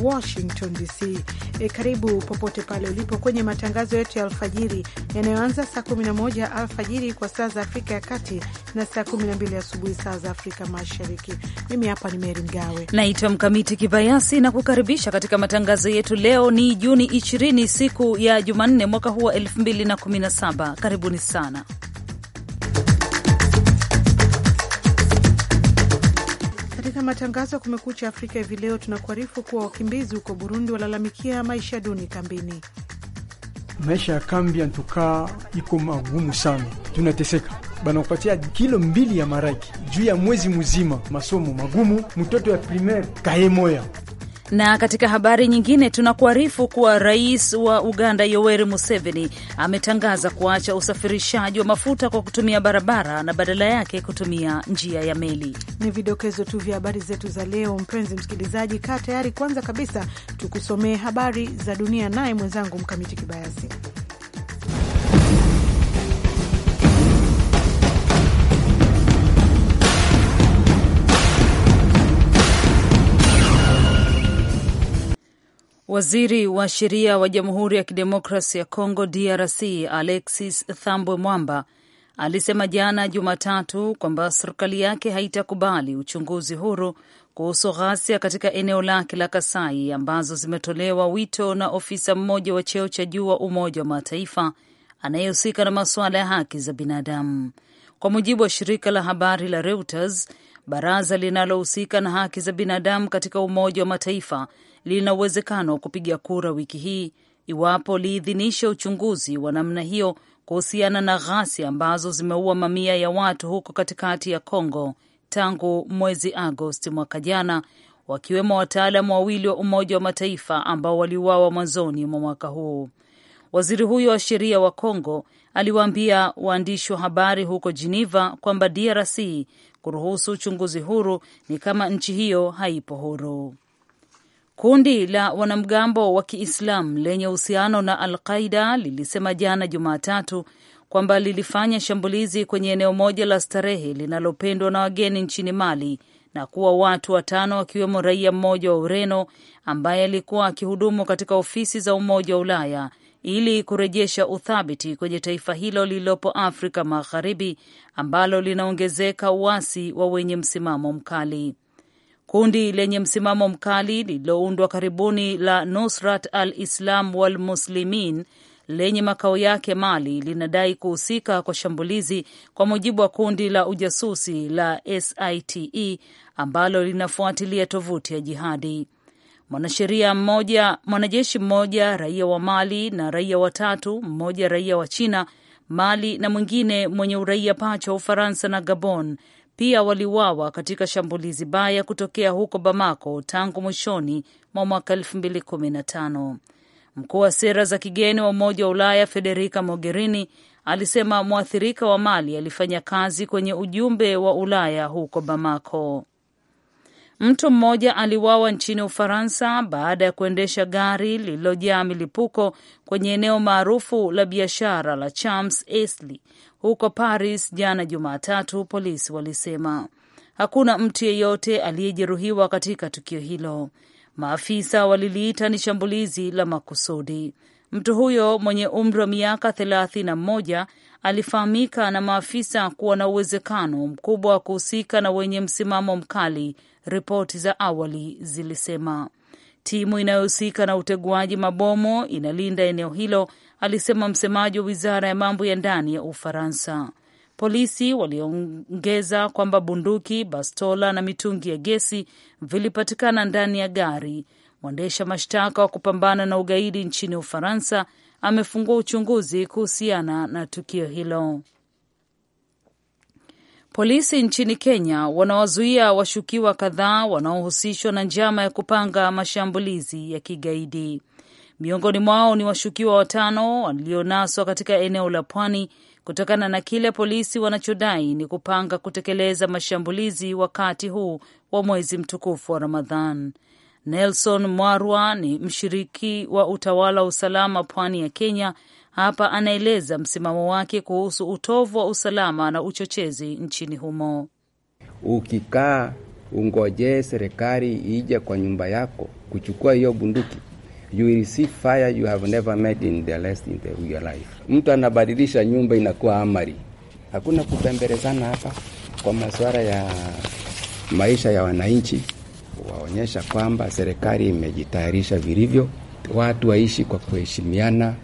Washington DC. E, karibu popote pale ulipo kwenye matangazo yetu ya alfajiri yanayoanza saa 11 alfajiri kwa saa za Afrika ya Kati na saa 12 asubuhi saa za Afrika Mashariki. Mimi hapa ni Meri Mgawe, naitwa Mkamiti Kibayasi na kukaribisha katika matangazo yetu. Leo ni Juni 20 siku ya Jumanne mwaka huu wa 2017. Karibuni sana Katika matangazo ya Kumekucha Afrika hivi leo, tunakuarifu kuwa wakimbizi huko Burundi walalamikia maisha duni kambini. Maisha ya kambi antukaa iko magumu sana, tunateseka banakupatia kilo mbili ya maraki juu ya mwezi mzima, masomo magumu, mtoto ya primaire kaye moya na katika habari nyingine tunakuarifu kuwa rais wa Uganda Yoweri Museveni ametangaza kuacha usafirishaji wa mafuta kwa kutumia barabara na badala yake kutumia njia ya meli. Ni vidokezo tu vya habari zetu za leo. Mpenzi msikilizaji, kaa tayari kwanza kabisa tukusomee habari za dunia, naye mwenzangu Mkamiti Kibayasi. Waziri wa sheria wa Jamhuri ya Kidemokrasi ya congo DRC Alexis Thambwe Mwamba alisema jana Jumatatu kwamba serikali yake haitakubali uchunguzi huru kuhusu ghasia katika eneo lake la Kasai ambazo zimetolewa wito na ofisa mmoja wa cheo cha juu wa Umoja wa Mataifa anayehusika na masuala ya haki za binadamu. Kwa mujibu wa shirika la habari la Reuters, baraza linalohusika na haki za binadamu katika Umoja wa Mataifa lina uwezekano wa kupiga kura wiki hii iwapo liidhinishe uchunguzi wa namna hiyo kuhusiana na ghasia ambazo zimeua mamia ya watu huko katikati ya congo tangu mwezi Agosti mwaka jana, wakiwemo wataalamu wawili wa Umoja wa Mataifa ambao waliuawa mwanzoni mwa mwaka huu. Waziri huyo wa sheria wa congo aliwaambia waandishi wa habari huko Geneva kwamba DRC kuruhusu uchunguzi huru ni kama nchi hiyo haipo huru. Kundi la wanamgambo wa Kiislamu lenye uhusiano na Al Qaida lilisema jana Jumatatu kwamba lilifanya shambulizi kwenye eneo moja la starehe linalopendwa na wageni nchini Mali na kuwa watu watano wakiwemo raia mmoja wa Ureno ambaye alikuwa akihudumu katika ofisi za Umoja wa Ulaya ili kurejesha uthabiti kwenye taifa hilo lililopo Afrika Magharibi ambalo linaongezeka uasi wa wenye msimamo mkali. Kundi lenye msimamo mkali lililoundwa karibuni la Nusrat al-Islam wal Muslimin lenye makao yake Mali linadai kuhusika kwa shambulizi, kwa mujibu wa kundi la ujasusi la SITE ambalo linafuatilia tovuti ya jihadi. Mwanasheria mmoja, mwanajeshi mmoja raia wa Mali na raia watatu, mmoja raia wa China Mali na mwingine mwenye uraia pacha wa Ufaransa na Gabon pia waliuawa katika shambulizi baya kutokea huko Bamako tangu mwishoni mwa mwaka 2015. Mkuu wa sera za kigeni wa Umoja wa Ulaya Federica Mogherini alisema mwathirika wa Mali alifanya kazi kwenye ujumbe wa Ulaya huko Bamako. Mtu mmoja aliwawa nchini Ufaransa baada ya kuendesha gari lililojaa milipuko kwenye eneo maarufu la biashara la Champs Elysees huko Paris jana Jumatatu, polisi walisema. Hakuna mtu yeyote aliyejeruhiwa katika tukio hilo. Maafisa waliliita ni shambulizi la makusudi. Mtu huyo mwenye umri wa miaka thelathini na moja alifahamika na maafisa kuwa na uwezekano mkubwa wa kuhusika na wenye msimamo mkali ripoti za awali zilisema. Timu inayohusika na uteguaji mabomu inalinda eneo hilo, alisema msemaji wa wizara ya mambo ya ndani ya Ufaransa. Polisi waliongeza kwamba bunduki, bastola na mitungi ya gesi vilipatikana ndani ya gari. Mwendesha mashtaka wa kupambana na ugaidi nchini Ufaransa amefungua uchunguzi kuhusiana na tukio hilo. Polisi nchini Kenya wanawazuia washukiwa kadhaa wanaohusishwa na njama ya kupanga mashambulizi ya kigaidi. Miongoni mwao ni washukiwa watano walionaswa katika eneo la pwani kutokana na kile polisi wanachodai ni kupanga kutekeleza mashambulizi wakati huu wa mwezi mtukufu wa Ramadhan. Nelson Mwarwa ni mshiriki wa utawala wa usalama pwani ya Kenya hapa anaeleza msimamo wake kuhusu utovu wa usalama na uchochezi nchini humo. Ukikaa ungojee serikali ija kwa nyumba yako kuchukua hiyo bunduki, you will see fire you have never met in the in the your life. Mtu anabadilisha nyumba inakuwa amari. Hakuna kupembelezana hapa kwa masuala ya maisha ya wananchi, waonyesha kwamba serikali imejitayarisha vilivyo, watu waishi kwa kuheshimiana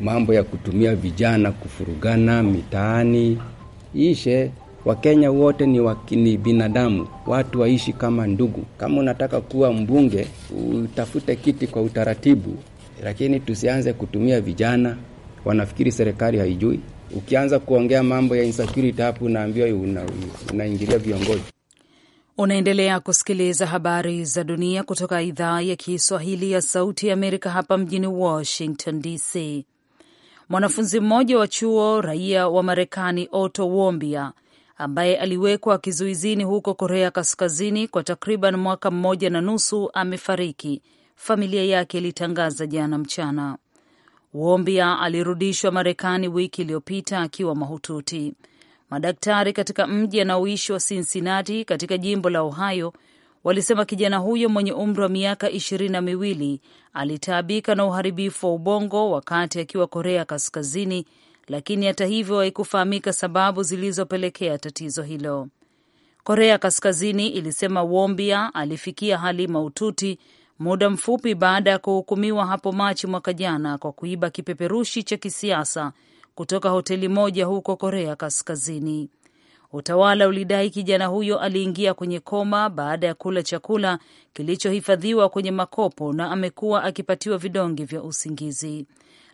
mambo ya kutumia vijana kufurugana mitaani ishe. Wakenya wote ni, wakini binadamu, watu waishi kama ndugu. Kama unataka kuwa mbunge, utafute kiti kwa utaratibu, lakini tusianze kutumia vijana. Wanafikiri serikali haijui. Ukianza kuongea mambo ya insecurity, hapo unaambiwa unaingilia una viongozi. Unaendelea kusikiliza habari za dunia kutoka idhaa ya Kiswahili ya Sauti ya Amerika hapa mjini Washington DC. Mwanafunzi mmoja wa chuo raia wa Marekani Otto Wombia ambaye aliwekwa kizuizini huko Korea Kaskazini kwa takriban mwaka mmoja na nusu amefariki, familia yake ilitangaza jana mchana. Wombia alirudishwa Marekani wiki iliyopita akiwa mahututi. Madaktari katika mji anaoishi wa Cincinnati katika jimbo la Ohio walisema kijana huyo mwenye umri wa miaka ishirini na miwili alitaabika na uharibifu wa ubongo wakati akiwa Korea Kaskazini, lakini hata hivyo haikufahamika sababu zilizopelekea tatizo hilo. Korea Kaskazini ilisema Wombia alifikia hali mahututi muda mfupi baada ya kuhukumiwa hapo Machi mwaka jana kwa kuiba kipeperushi cha kisiasa kutoka hoteli moja huko Korea Kaskazini. Utawala ulidai kijana huyo aliingia kwenye koma baada ya kula chakula kilichohifadhiwa kwenye makopo na amekuwa akipatiwa vidonge vya usingizi,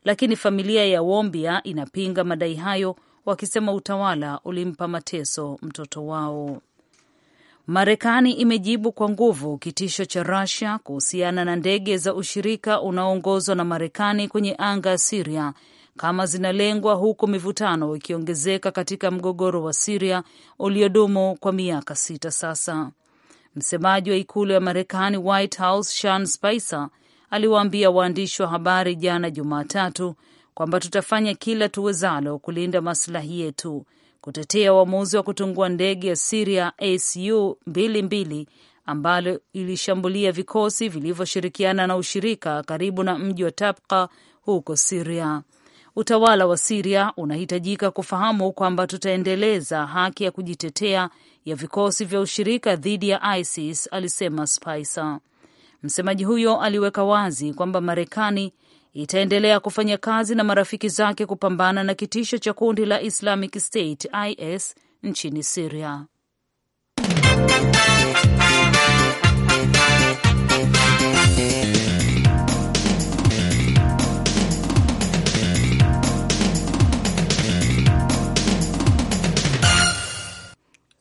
lakini familia ya Wombia inapinga madai hayo, wakisema utawala ulimpa mateso mtoto wao. Marekani imejibu kwa nguvu kitisho cha Russia kuhusiana na ndege za ushirika unaoongozwa na Marekani kwenye anga ya Siria kama zinalengwa, huku mivutano ikiongezeka katika mgogoro wa Siria uliodumu kwa miaka sita sasa. Msemaji wa ikulu ya Marekani, White House, Sean Spicer aliwaambia waandishi wa habari jana Jumatatu kwamba tutafanya kila tuwezalo kulinda maslahi yetu kutetea uamuzi wa kutungua ndege ya Siria ACU 22 ambalo ilishambulia vikosi vilivyoshirikiana na ushirika karibu na mji wa tabka huko Siria. Utawala wa Siria unahitajika kufahamu kwamba tutaendeleza haki ya kujitetea ya vikosi vya ushirika dhidi ya ISIS, alisema Spicer. Msemaji huyo aliweka wazi kwamba Marekani itaendelea kufanya kazi na marafiki zake kupambana na kitisho cha kundi la Islamic State IS nchini Siria.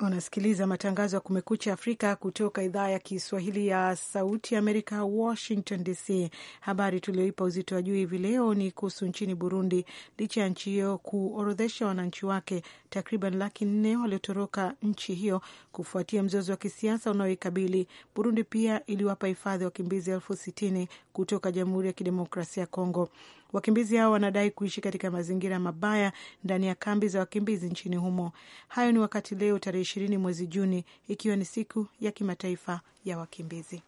Unasikiliza matangazo ya Kumekucha Afrika kutoka idhaa ya Kiswahili ya Sauti ya Amerika, Washington DC. Habari tulioipa uzito wa juu hivi leo ni kuhusu nchini Burundi. Licha ya nchi hiyo kuorodhesha wananchi wake takriban laki nne waliotoroka nchi hiyo kufuatia mzozo wa kisiasa unaoikabili Burundi, pia iliwapa hifadhi wakimbizi elfu sitini kutoka Jamhuri ya Kidemokrasia ya Kongo. Wakimbizi hao wanadai kuishi katika mazingira mabaya ndani ya kambi za wakimbizi nchini humo. Hayo ni wakati leo tarehe ishirini mwezi Juni, ikiwa ni siku ya kimataifa ya wakimbizi.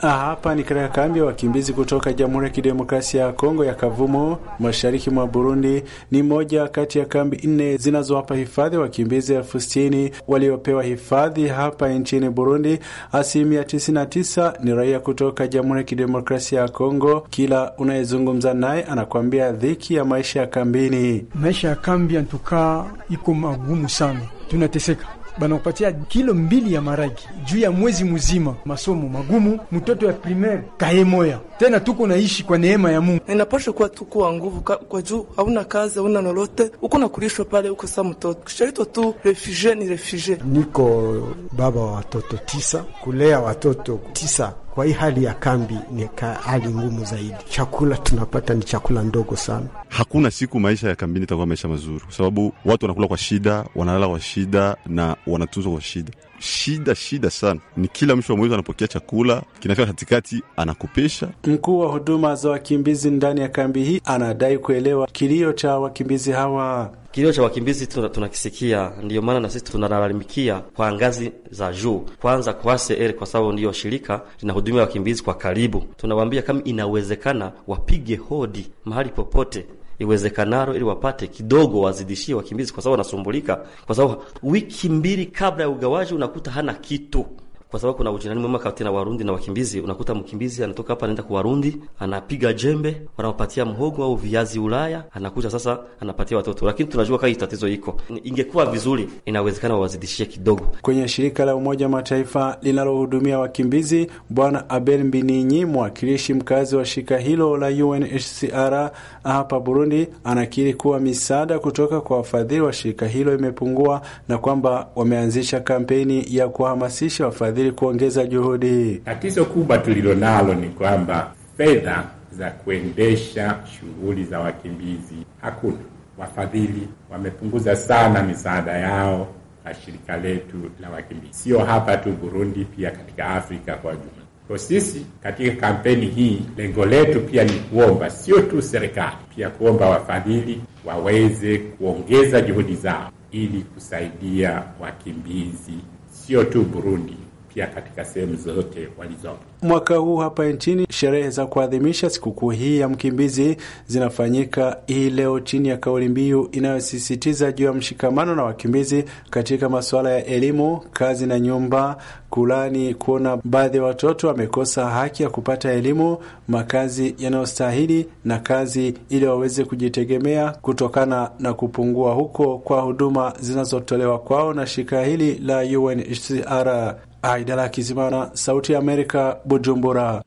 Ah, hapa ni katika kambi ya wakimbizi kutoka Jamhuri ya Kidemokrasia ya Kongo ya Kavumo, mashariki mwa Burundi. Ni moja kati ya kambi nne zinazowapa hifadhi wakimbizi elfu sitini waliopewa hifadhi hapa nchini Burundi. Asilimia 99 ni raia kutoka Jamhuri ya Kidemokrasia ya Kongo. Kila unayezungumza naye anakuambia dhiki ya maisha ya kambini. Maisha ya kambi yantukaa iko magumu sana, tunateseka banakupatia kilo mbili ya maragi juu ya mwezi mzima, masomo magumu, mtoto ya primaire kaye moya tena tuko naishi kwa neema ya Mungu. Inapasha kuwa tuko wa nguvu kwa juu, hauna kazi, hauna lolote, uko na kulishwa pale, uko saa mtoto kishaitwa tu refugee. Ni refugee, niko baba wa watoto tisa, kulea watoto tisa kwa hii hali ya kambi ni hali ngumu zaidi. Chakula tunapata ni chakula ndogo sana. Hakuna siku maisha ya kambini itakuwa maisha mazuri, kwa sababu watu wanakula kwa shida, wanalala kwa shida na wanatunzwa kwa shida shida shida sana ni kila mwisho wa mwezi anapokea chakula, kinafika katikati anakopisha. Mkuu wa huduma za wakimbizi ndani ya kambi hii anadai kuelewa kilio cha wakimbizi hawa. Kilio cha wakimbizi tunakisikia, ndiyo maana na sisi tunalalamikia kwa ngazi za juu, kwanza kuaser, kwa sababu ndiyo shirika linahudumia wakimbizi kwa karibu. Tunawaambia kama inawezekana wapige hodi mahali popote iwezekanalo ili wapate kidogo, wazidishie wakimbizi, kwa sababu wanasumbulika, kwa sababu wiki mbili kabla ya ugawaji unakuta hana kitu kwa sababu kuna ujirani mwema kati na Warundi na wakimbizi. Unakuta mkimbizi anatoka hapa anaenda kwa Warundi, anapiga jembe, wanampatia mhogo au viazi Ulaya, anakuja sasa anapatia watoto. Lakini tunajua kai tatizo iko, ingekuwa vizuri, inawezekana wawazidishie kidogo. Kwenye shirika la Umoja Mataifa linalohudumia wakimbizi, Bwana Abel Mbininyi, mwakilishi mkazi wa shirika hilo la UNHCR hapa Burundi, anakiri kuwa misaada kutoka kwa wafadhili wa shirika hilo imepungua na kwamba wameanzisha kampeni ya kuhamasisha wafadhili ili kuongeza juhudi. Tatizo kubwa tulilonalo ni kwamba fedha za kuendesha shughuli za wakimbizi hakuna. Wafadhili wamepunguza sana misaada yao na shirika letu la wakimbizi, sio hapa tu Burundi, pia katika Afrika kwa jumla. Kwa sisi katika kampeni hii, lengo letu pia ni kuomba sio tu serikali, pia kuomba wafadhili waweze kuongeza juhudi zao ili kusaidia wakimbizi sio tu Burundi kufikia katika sehemu zote walizopo. Mwaka huu hapa nchini sherehe za kuadhimisha sikukuu hii ya mkimbizi zinafanyika hii leo chini ya kauli mbiu inayosisitiza juu ya mshikamano na wakimbizi katika masuala ya elimu, kazi na nyumba. Kulani kuona baadhi ya watoto wamekosa haki ya kupata elimu, makazi yanayostahili na kazi ili waweze kujitegemea kutokana na kupungua huko kwa huduma zinazotolewa kwao na shirika hili la UNHCR. Aidala ah, Kizimana, Sauti ya Amerika, Bujumbura.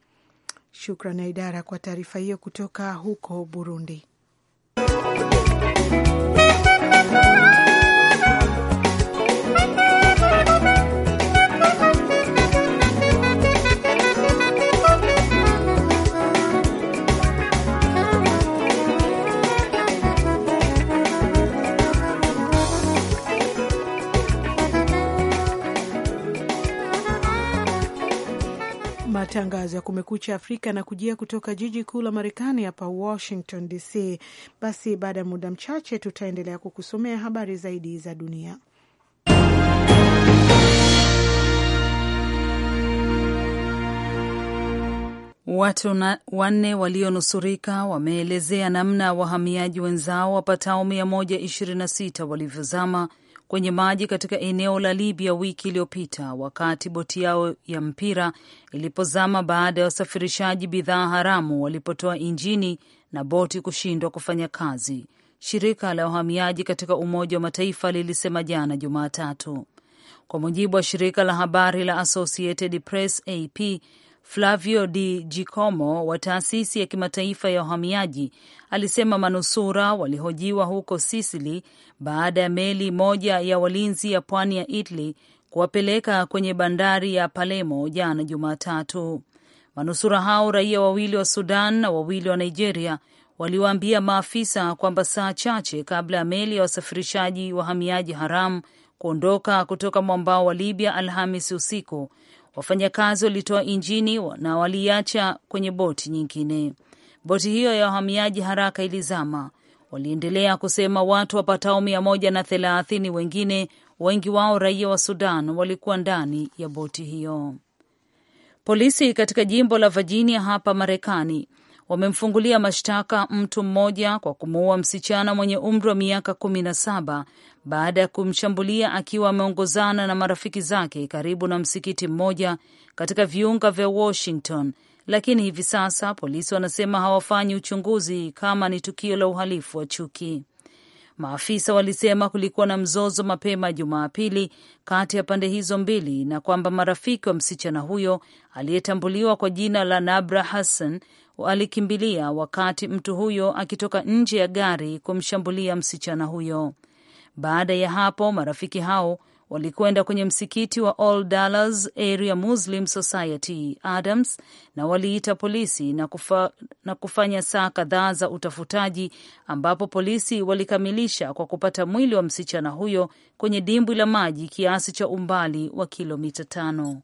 Shukran Aidara kwa taarifa hiyo kutoka huko Burundi. Kumekucha Afrika na kujia kutoka jiji kuu la Marekani hapa Washington DC. Basi baada ya muda mchache tutaendelea kukusomea habari zaidi za dunia. Watu na, wanne walionusurika wameelezea namna wahamiaji wenzao wapatao 126 walivyozama kwenye maji katika eneo la Libya wiki iliyopita wakati boti yao ya mpira ilipozama baada ya wasafirishaji bidhaa haramu walipotoa injini na boti kushindwa kufanya kazi. Shirika la uhamiaji katika Umoja wa Mataifa lilisema jana Jumatatu, kwa mujibu wa shirika la habari la Associated Press AP. Flavio Di jicomo wa taasisi ya kimataifa ya uhamiaji alisema manusura walihojiwa huko Sisili baada ya meli moja ya walinzi ya pwani ya Italy kuwapeleka kwenye bandari ya Palermo jana Jumatatu. Manusura hao raia wawili wa Sudan na wawili wa Nigeria waliwaambia maafisa kwamba saa chache kabla ya meli ya wasafirishaji wahamiaji haramu kuondoka kutoka mwambao wa Libya Alhamis usiku Wafanyakazi walitoa injini na waliacha kwenye boti nyingine. Boti hiyo ya wahamiaji haraka ilizama. Waliendelea kusema watu wapatao mia moja na thelathini wengine, wengi wao raia wa Sudan, walikuwa ndani ya boti hiyo. Polisi katika jimbo la Virginia hapa Marekani wamemfungulia mashtaka mtu mmoja kwa kumuua msichana mwenye umri wa miaka kumi na saba baada ya kumshambulia akiwa ameongozana na marafiki zake karibu na msikiti mmoja katika viunga vya Washington, lakini hivi sasa polisi wanasema hawafanyi uchunguzi kama ni tukio la uhalifu wa chuki. Maafisa walisema kulikuwa na mzozo mapema Jumapili kati ya pande hizo mbili na kwamba marafiki wa msichana huyo aliyetambuliwa kwa jina la Nabra Hassan alikimbilia wakati mtu huyo akitoka nje ya gari kumshambulia msichana huyo. Baada ya hapo, marafiki hao walikwenda kwenye msikiti wa All Dallas Area Muslim Society Adams na waliita polisi na, kufa, na kufanya saa kadhaa za utafutaji ambapo polisi walikamilisha kwa kupata mwili wa msichana huyo kwenye dimbwi la maji kiasi cha umbali wa kilomita tano.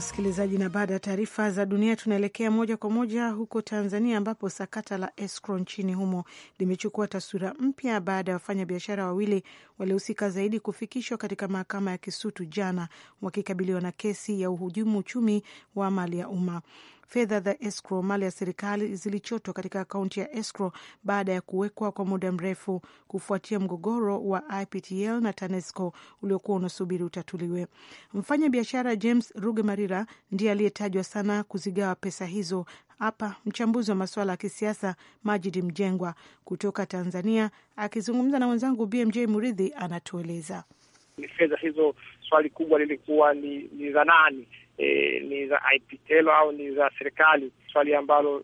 msikilizaji, na baada ya taarifa za dunia tunaelekea moja kwa moja huko Tanzania, ambapo sakata la escrow nchini humo limechukua taswira mpya baada ya wafanyabiashara wawili waliohusika zaidi kufikishwa katika mahakama ya Kisutu jana wakikabiliwa na kesi ya uhujumu uchumi wa mali ya umma. Fedha za escrow, mali ya serikali, zilichotwa katika akaunti ya escrow baada ya kuwekwa kwa muda mrefu kufuatia mgogoro wa IPTL na TANESCO uliokuwa unasubiri utatuliwe. Mfanya biashara James marira ndiye aliyetajwa sana kuzigawa pesa hizo. Hapa mchambuzi wa masuala ya kisiasa Majidi Mjengwa kutoka Tanzania akizungumza na mwenzangu BMJ Muridhi anatueleza. Fedha hizo, swali kubwa lilikuwa ni ni za nani? e, ni za IPTELO au ni za serikali, swali ambalo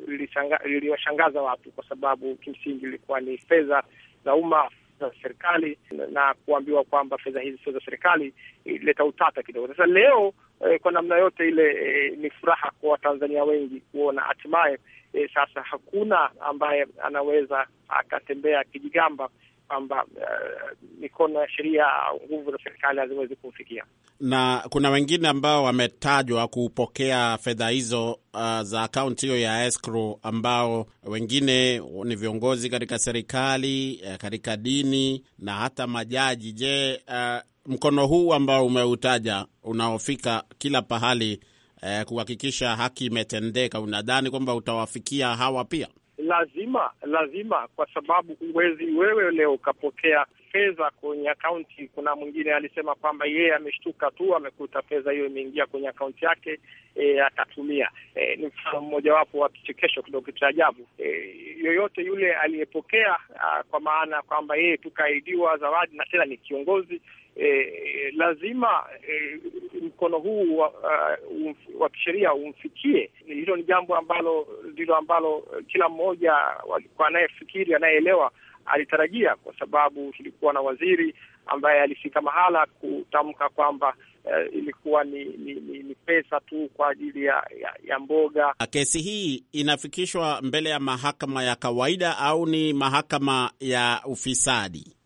liliwashangaza watu kwa sababu kimsingi ilikuwa ni fedha za umma za serikali na kuambiwa kwamba fedha hizi sio za serikali ilileta utata kidogo. Sasa leo eh, kwa namna yote ile eh, ni furaha kwa Watanzania wengi kuona hatimaye eh, sasa hakuna ambaye anaweza akatembea kijigamba kwamba uh, mikono ya sheria au nguvu za serikali haziwezi kumfikia. Na kuna wengine ambao wametajwa kupokea fedha hizo uh, za akaunti hiyo ya escrow, ambao wengine ni viongozi katika serikali, eh, katika dini na hata majaji. Je, uh, mkono huu ambao umeutaja unaofika kila pahali, uh, kuhakikisha haki imetendeka, unadhani kwamba utawafikia hawa pia? lazima lazima, kwa sababu huwezi wewe leo ukapokea fedha kwenye akaunti. Kuna mwingine alisema kwamba yeye ameshtuka tu, amekuta fedha hiyo imeingia kwenye akaunti yake e, akatumia. E, ni mfano mmojawapo wa kichekesho kidogo cha ajabu. E, yoyote yule aliyepokea, kwa maana ya kwamba yeye tukaaidiwa zawadi na tena ni kiongozi Eh, eh, lazima eh, mkono huu wa, uh, wa kisheria umfikie. Hilo ni jambo ambalo ndilo ambalo eh, kila mmoja anayefikiri, anayeelewa alitarajia, kwa sababu tulikuwa na waziri ambaye alifika mahala kutamka kwamba Uh, ilikuwa ni, ni, ni, ni pesa tu kwa ajili ya, ya, ya mboga. Ah, kesi hii inafikishwa mbele ya mahakama ya kawaida au ni mahakama ya ufisadi?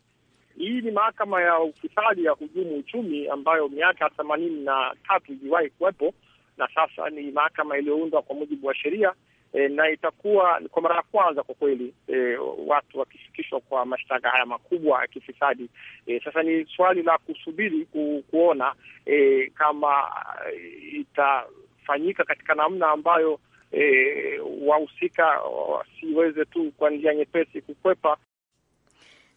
Hii ni mahakama ya ufisadi ya hujumu uchumi ambayo miaka themanini na tatu iliwahi kuwepo na sasa ni mahakama iliyoundwa kwa mujibu wa sheria e, na itakuwa kwa mara ya kwanza kwa kweli e, watu wakifikishwa kwa mashtaka haya makubwa ya kifisadi. E, sasa ni swali la kusubiri ku, kuona e, kama itafanyika katika namna ambayo e, wahusika wasiweze oh, tu kwa njia nyepesi kukwepa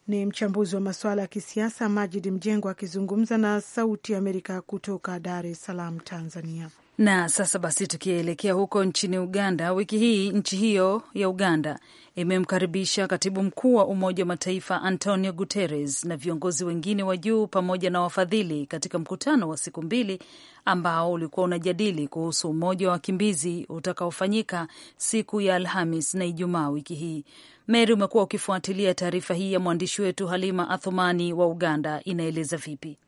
ni mchambuzi wa masuala ya kisiasa Majid Mjengwa akizungumza na Sauti ya Amerika kutoka Dar es Salaam, Tanzania. Na sasa basi, tukielekea huko nchini Uganda, wiki hii nchi hiyo ya Uganda imemkaribisha katibu mkuu wa Umoja wa Mataifa Antonio Guterres na viongozi wengine wa juu pamoja na wafadhili katika mkutano wa siku mbili ambao ulikuwa unajadili kuhusu umoja wa wakimbizi utakaofanyika siku ya Alhamis na Ijumaa wiki hii. Meri, umekuwa ukifuatilia taarifa hii ya mwandishi wetu Halima Athumani wa Uganda, inaeleza vipi?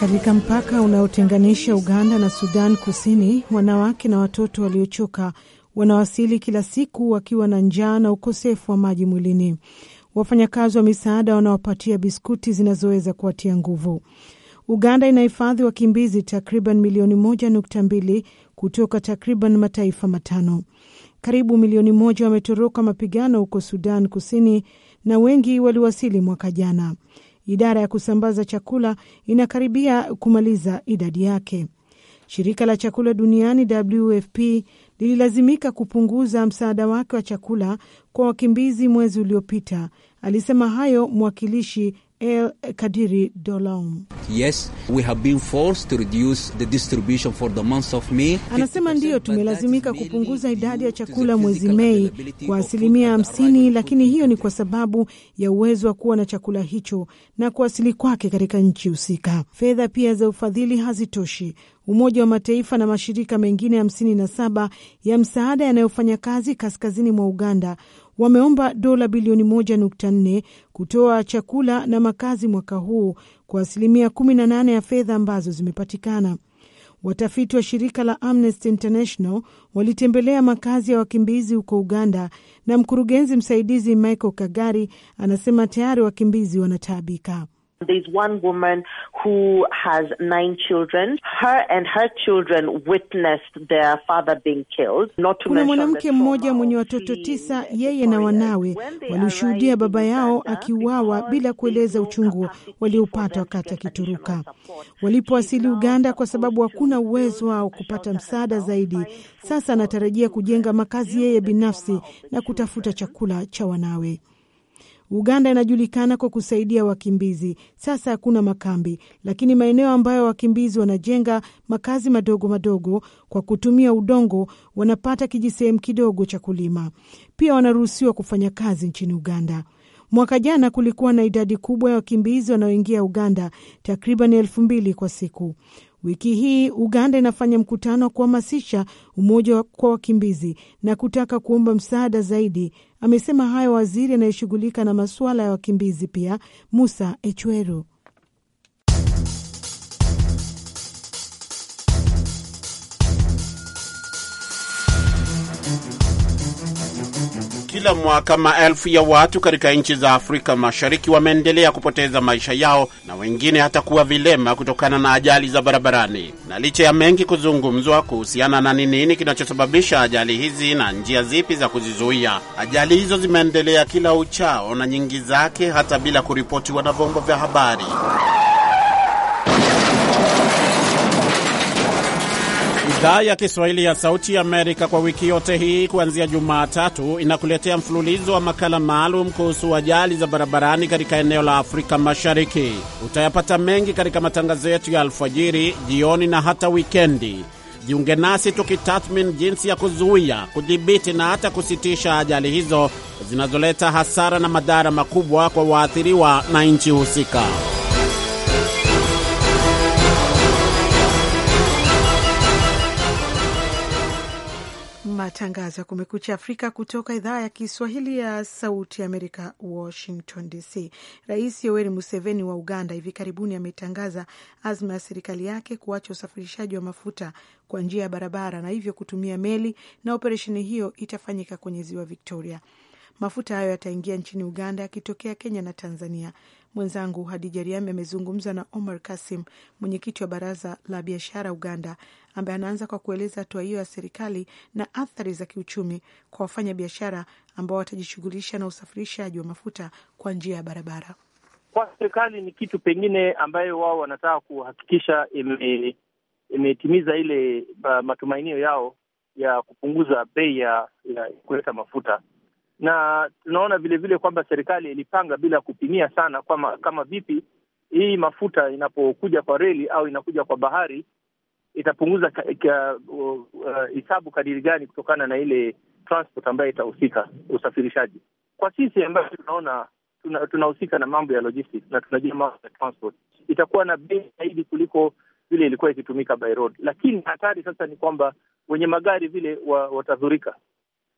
Katika mpaka unaotenganisha Uganda na Sudan Kusini, wanawake na watoto waliochoka wanawasili kila siku wakiwa na njaa na ukosefu wa maji mwilini. Wafanyakazi wa misaada wanawapatia biskuti zinazoweza kuwatia nguvu. Uganda inahifadhi wakimbizi takriban milioni moja nukta mbili kutoka takriban mataifa matano. Karibu milioni moja wametoroka mapigano huko Sudan Kusini, na wengi waliwasili mwaka jana. Idara ya kusambaza chakula inakaribia kumaliza idadi yake. Shirika la chakula duniani WFP lililazimika kupunguza msaada wake wa chakula kwa wakimbizi mwezi uliopita. Alisema hayo mwakilishi El Kadiri Dolaum. Yes, we have been forced to reduce the distribution for the month of May. Anasema ndiyo, tumelazimika kupunguza idadi ya chakula mwezi Mei kwa asilimia hamsini, lakini hiyo ni kwa sababu ya uwezo wa kuwa na chakula hicho na kuwasili kwake katika nchi husika. Fedha pia za ufadhili hazitoshi. Umoja wa Mataifa na mashirika mengine 57 ya msaada yanayofanya kazi kaskazini mwa Uganda wameomba dola bilioni 1.4 kutoa chakula na makazi mwaka huu kwa asilimia 18 ya fedha ambazo zimepatikana. Watafiti wa shirika la Amnesty International walitembelea makazi ya wakimbizi huko Uganda, na mkurugenzi msaidizi Michael Kagari anasema tayari wakimbizi wanataabika. There's one woman who has nine children. Her and her children witnessed their father being killed. Not to Kuna mwanamke mmoja mwenye watoto tisa, yeye na wanawe walishuhudia baba yao akiuawa bila kueleza uchungu waliopata wakati akituruka. Walipowasili Uganda, kwa sababu hakuna uwezo wao kupata msaada zaidi, sasa anatarajia kujenga makazi yeye binafsi na kutafuta chakula cha wanawe. Uganda inajulikana kwa kusaidia wakimbizi. Sasa hakuna makambi, lakini maeneo ambayo wakimbizi wanajenga makazi madogo madogo kwa kutumia udongo, wanapata kijisehemu kidogo cha kulima. Pia wanaruhusiwa kufanya kazi nchini Uganda. Mwaka jana kulikuwa na idadi kubwa ya wakimbizi wanaoingia Uganda, takriban elfu mbili kwa siku. Wiki hii Uganda inafanya mkutano wa kuhamasisha umoja kwa wakimbizi na kutaka kuomba msaada zaidi. Amesema hayo waziri anayeshughulika na masuala ya wakimbizi pia Musa Echweru. kila mwaka maelfu ya watu katika nchi za Afrika Mashariki wameendelea kupoteza maisha yao na wengine hata kuwa vilema kutokana na ajali za barabarani. Na licha ya mengi kuzungumzwa kuhusiana na ni nini kinachosababisha ajali hizi na njia zipi za kuzizuia, ajali hizo zimeendelea kila uchao na nyingi zake hata bila kuripotiwa na vyombo vya habari. Idhaa ya Kiswahili ya Sauti ya Amerika kwa wiki yote hii kuanzia Jumatatu inakuletea mfululizo wa makala maalum kuhusu ajali za barabarani katika eneo la Afrika Mashariki. Utayapata mengi katika matangazo yetu ya alfajiri, jioni na hata wikendi. Jiunge nasi tukitathmini jinsi ya kuzuia, kudhibiti na hata kusitisha ajali hizo zinazoleta hasara na madhara makubwa kwa waathiriwa na nchi husika. Matangazo ya Kumekucha Afrika kutoka idhaa ya Kiswahili ya Sauti ya Amerika, Washington DC. Rais Yoweri Museveni wa Uganda hivi karibuni ametangaza azma ya serikali yake kuacha usafirishaji wa mafuta kwa njia ya barabara na hivyo kutumia meli, na operesheni hiyo itafanyika kwenye ziwa Victoria. Mafuta hayo yataingia nchini Uganda yakitokea Kenya na Tanzania Mwenzangu Hadija Riami amezungumza na Omar Kasim, mwenyekiti wa baraza la biashara Uganda, ambaye anaanza kwa kueleza hatua hiyo ya serikali na athari za kiuchumi kwa wafanyabiashara ambao watajishughulisha na usafirishaji wa mafuta kwa njia ya barabara. Kwa serikali ni kitu pengine ambayo wao wanataka kuhakikisha imetimiza ile matumainio yao ya kupunguza bei ya, ya kuleta mafuta na tunaona vile vile kwamba serikali ilipanga bila kupimia sana kama, kama vipi hii mafuta inapokuja kwa reli au inakuja kwa bahari itapunguza hisabu kadiri gani kutokana na ile transport ambayo itahusika usafirishaji. Kwa sisi ambayo tunaona tunahusika tuna na mambo ya logistics na tunajua mambo ya transport, itakuwa na bei zaidi kuliko vile ilikuwa ikitumika by road, lakini hatari sasa ni kwamba wenye magari vile watadhurika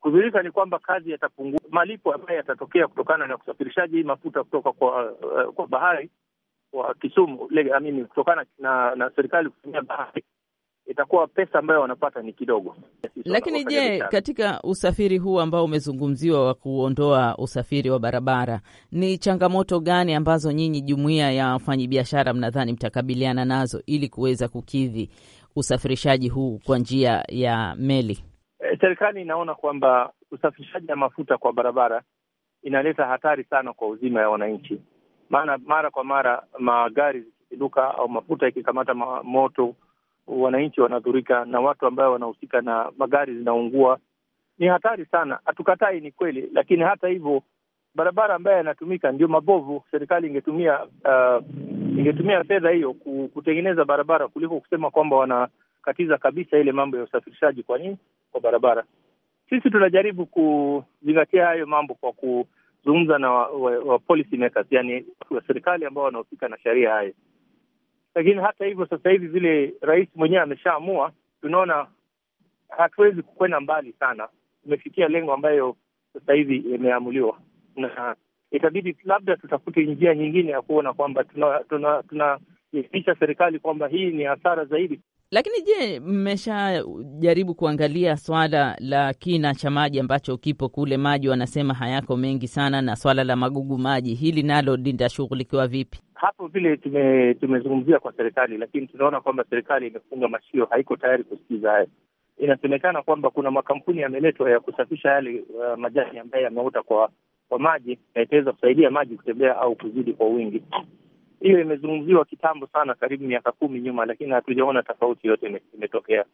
kudhihirika ni kwamba kazi yatapungua, malipo ambayo yatatokea kutokana na usafirishaji mafuta kutoka kwa uh, kwa bahari kwa Kisumu le, amini, kutokana na, na serikali kutumia bahari itakuwa pesa ambayo wanapata ni kidogo. Lakini je, katika usafiri huu ambao umezungumziwa wa kuondoa usafiri wa barabara, ni changamoto gani ambazo nyinyi jumuiya ya wafanyabiashara mnadhani mtakabiliana nazo ili kuweza kukidhi usafirishaji huu kwa njia ya meli? serikali inaona kwamba usafirishaji wa mafuta kwa barabara inaleta hatari sana kwa uzima ya wananchi, maana mara kwa mara magari zikipinduka au mafuta ikikamata ma moto, wananchi wanadhurika na watu ambayo wanahusika na magari zinaungua. Ni hatari sana, hatukatai, ni kweli, lakini hata hivyo barabara ambayo yanatumika ndio mabovu. Serikali ingetumia uh, ingetumia fedha hiyo kutengeneza barabara kuliko kusema kwamba wanakatiza kabisa ile mambo ya usafirishaji. Kwa nini? kwa barabara. Sisi tunajaribu kuzingatia hayo mambo kwa kuzungumza na wa, wa, wa policy makers, yani wa serikali ambao wanahusika na sheria hayo. Lakini hata hivyo sasa hivi vile rais mwenyewe ameshaamua, tunaona hatuwezi kukwenda mbali sana. Tumefikia lengo ambayo sasa hivi imeamuliwa na itabidi labda tutafute njia nyingine ya kuona kwamba tunaipisha tuna, tuna serikali kwamba hii ni hasara zaidi lakini je, mmeshajaribu kuangalia swala la kina cha maji ambacho kipo kule? Maji wanasema hayako mengi sana, na swala la magugu maji hili nalo litashughulikiwa vipi? Hapo vile tume, tumezungumzia kwa serikali, lakini tunaona kwamba serikali imefunga masikio, haiko tayari kusikiza hayo. Inasemekana kwamba kuna makampuni yameletwa ya kusafisha yale uh, majani ambayo yameota kwa kwa maji na itaweza kusaidia maji kutembea au kuzidi kwa wingi, hiyo imezungumziwa kitambo sana, karibu miaka kumi nyuma, lakini hatujaona tofauti yote imetokea.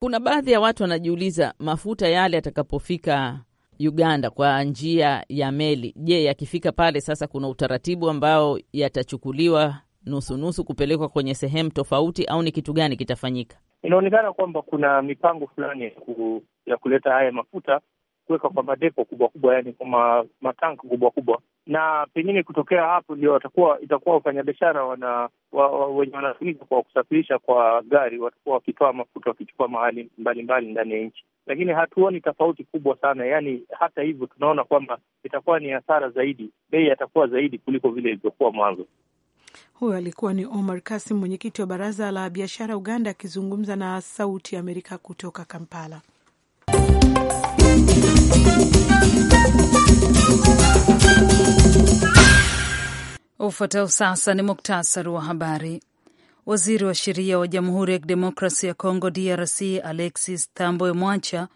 Kuna baadhi ya watu wanajiuliza mafuta yale yatakapofika Uganda kwa njia ya meli, je, yakifika pale sasa kuna utaratibu ambao yatachukuliwa nusunusu kupelekwa kwenye sehemu tofauti, au ni kitu gani kitafanyika? Inaonekana kwamba kuna mipango fulani ya kuleta haya mafuta kuweka kwa madepo kubwa kubwa, yani kwa matank kubwa kubwa, na pengine kutokea hapo ndio watakuwa itakuwa wafanyabiashara wana wenye wanatumika kwa kusafirisha kwa gari watakuwa wakitoa mafuta wakichukua mahali mbalimbali ndani ya nchi, lakini hatuoni tofauti kubwa sana. Yani hata hivyo tunaona kwamba itakuwa ni hasara zaidi, bei yatakuwa zaidi kuliko vile ilivyokuwa mwanzo. Huyo alikuwa ni Omar Kasim, mwenyekiti wa baraza la biashara Uganda, akizungumza na Sauti ya Amerika kutoka Kampala. Ufuatao sasa ni muktasari wa habari. Waziri wa sheria wa Jamhuri ya Kidemokrasi ya Kongo, DRC, Alexis Thambwe Mwacha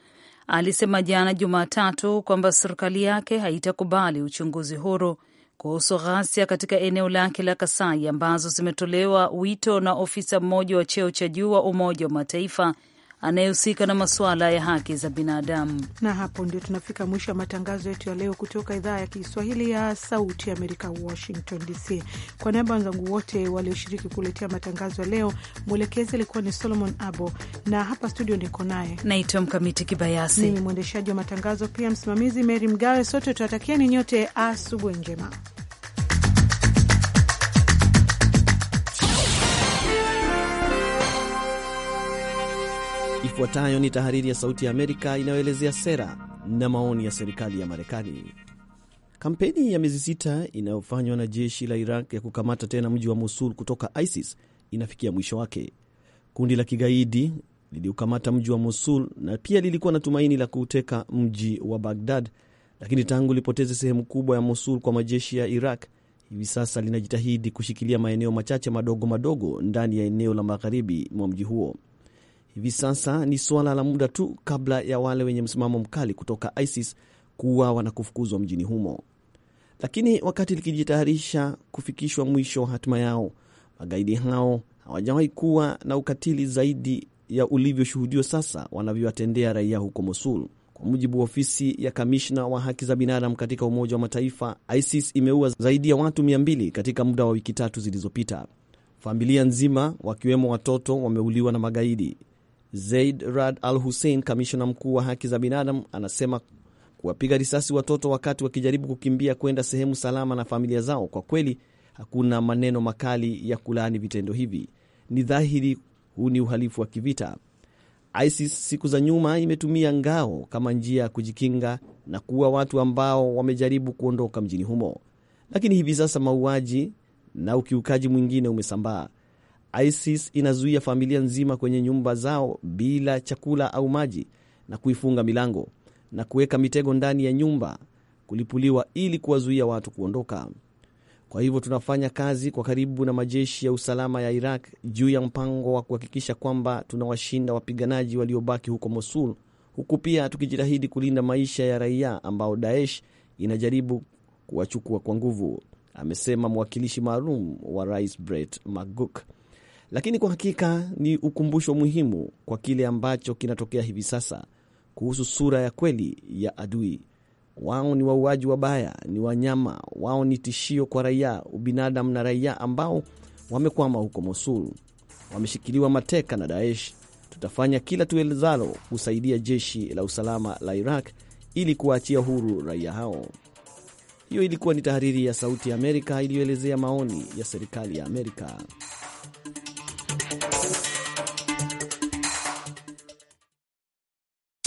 alisema jana Jumatatu kwamba serikali yake haitakubali uchunguzi huru kuhusu ghasia katika eneo lake la Kasai ambazo zimetolewa wito na ofisa mmoja wa cheo cha juu wa Umoja wa Mataifa anayehusika na masuala ya haki za binadamu. Na hapo ndio tunafika mwisho wa matangazo yetu ya leo kutoka idhaa ya Kiswahili ya Sauti ya Amerika, Washington DC. Kwa niaba wenzangu wote walioshiriki kuletea matangazo ya leo, mwelekezi alikuwa ni Solomon Abo na hapa studio niko naye naitwa Mkamiti Kibayasi, mimi mwendeshaji wa matangazo pia msimamizi mery Mgawe. Sote tunatakieni nyote asubuhi njema. Ifuatayo ni tahariri ya Sauti ya Amerika inayoelezea sera na maoni ya serikali ya Marekani. Kampeni ya miezi sita inayofanywa na jeshi la Iraq ya kukamata tena mji wa Mosul kutoka ISIS inafikia mwisho wake. Kundi la kigaidi liliukamata mji wa Mosul na pia lilikuwa na tumaini la kuuteka mji wa Bagdad, lakini tangu lipoteze sehemu kubwa ya Mosul kwa majeshi ya Iraq, hivi sasa linajitahidi kushikilia maeneo machache madogo madogo ndani ya eneo la magharibi mwa mji huo. Hivi sasa ni suala la muda tu kabla ya wale wenye msimamo mkali kutoka ISIS kuuawa na kufukuzwa mjini humo. Lakini wakati likijitayarisha kufikishwa mwisho wa hatima yao, magaidi hao hawajawahi kuwa na ukatili zaidi ya ulivyoshuhudiwa sasa wanavyowatendea raia huko Mosul. Kwa mujibu wa ofisi ya kamishna wa haki za binadamu katika Umoja wa Mataifa, ISIS imeua zaidi ya watu 200 katika muda wa wiki tatu zilizopita. Familia nzima wakiwemo watoto wameuliwa na magaidi. Zaid Rad Al Hussein, kamishona mkuu wa haki za binadamu, anasema kuwapiga risasi watoto wakati wakijaribu kukimbia kwenda sehemu salama na familia zao, kwa kweli hakuna maneno makali ya kulaani vitendo hivi. Ni dhahiri huu ni uhalifu wa kivita. ISIS siku za nyuma imetumia ngao kama njia ya kujikinga na kuua watu ambao wamejaribu kuondoka mjini humo, lakini hivi sasa mauaji na ukiukaji mwingine umesambaa. ISIS inazuia familia nzima kwenye nyumba zao bila chakula au maji na kuifunga milango na kuweka mitego ndani ya nyumba kulipuliwa ili kuwazuia watu kuondoka. Kwa hivyo tunafanya kazi kwa karibu na majeshi ya usalama ya Iraq juu ya mpango wa kuhakikisha kwamba tunawashinda wapiganaji waliobaki huko Mosul, huku pia tukijitahidi kulinda maisha ya raia ambao Daesh inajaribu kuwachukua kwa nguvu, amesema mwakilishi maalum wa rais Brett McGurk lakini kwa hakika ni ukumbusho muhimu kwa kile ambacho kinatokea hivi sasa kuhusu sura ya kweli ya adui. Wao ni wauaji wabaya, ni wanyama. Wao ni tishio kwa raia, ubinadamu na raia ambao wamekwama huko Mosul, wameshikiliwa mateka na Daesh. Tutafanya kila tuwezalo kusaidia jeshi la usalama la Iraq ili kuwaachia huru raia hao. Hiyo ilikuwa ni tahariri ya Sauti ya Amerika iliyoelezea maoni ya serikali ya Amerika.